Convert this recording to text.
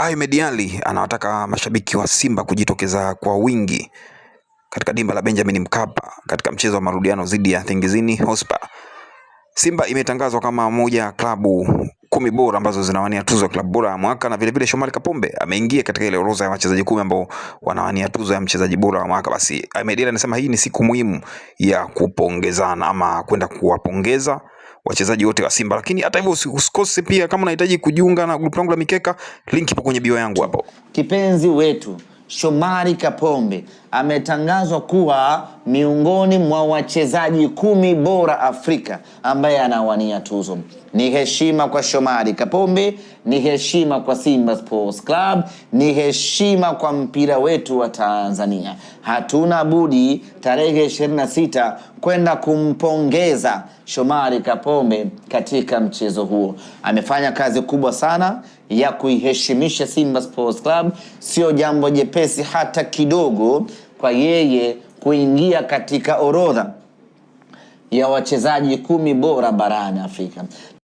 Ahmed Ally anawataka mashabiki wa Simba kujitokeza kwa wingi katika dimba la Benjamin Mkapa katika mchezo wa marudiano dhidi ya Tingizini Hotspur. Simba imetangazwa kama moja ya klabu kumi bora ambazo zinawania tuzo ya klabu bora ya mwaka na vilevile Shomari Kapombe ameingia katika ile orodha ya wachezaji kumi ambao wanawania tuzo ya mchezaji bora wa mwaka. Basi Ahmed Ally anasema hii ni siku muhimu ya kupongezana ama kwenda kuwapongeza wachezaji wote wa Simba. Lakini hata hivyo usikose pia, kama unahitaji kujiunga na grupu langu la mikeka, link ipo kwenye bio yangu hapo. Kipenzi wetu Shomari Kapombe ametangazwa kuwa miongoni mwa wachezaji kumi bora Afrika ambaye anawania tuzo. Ni heshima kwa Shomari Kapombe, ni heshima kwa Simba Sports Club, ni heshima kwa mpira wetu wa Tanzania. Hatuna budi tarehe 26 kwenda kumpongeza Shomari Kapombe katika mchezo huo. Amefanya kazi kubwa sana ya kuiheshimisha Simba Sports Club, sio jambo jepesi hata kidogo kwa yeye kuingia katika orodha ya wachezaji kumi bora barani Afrika.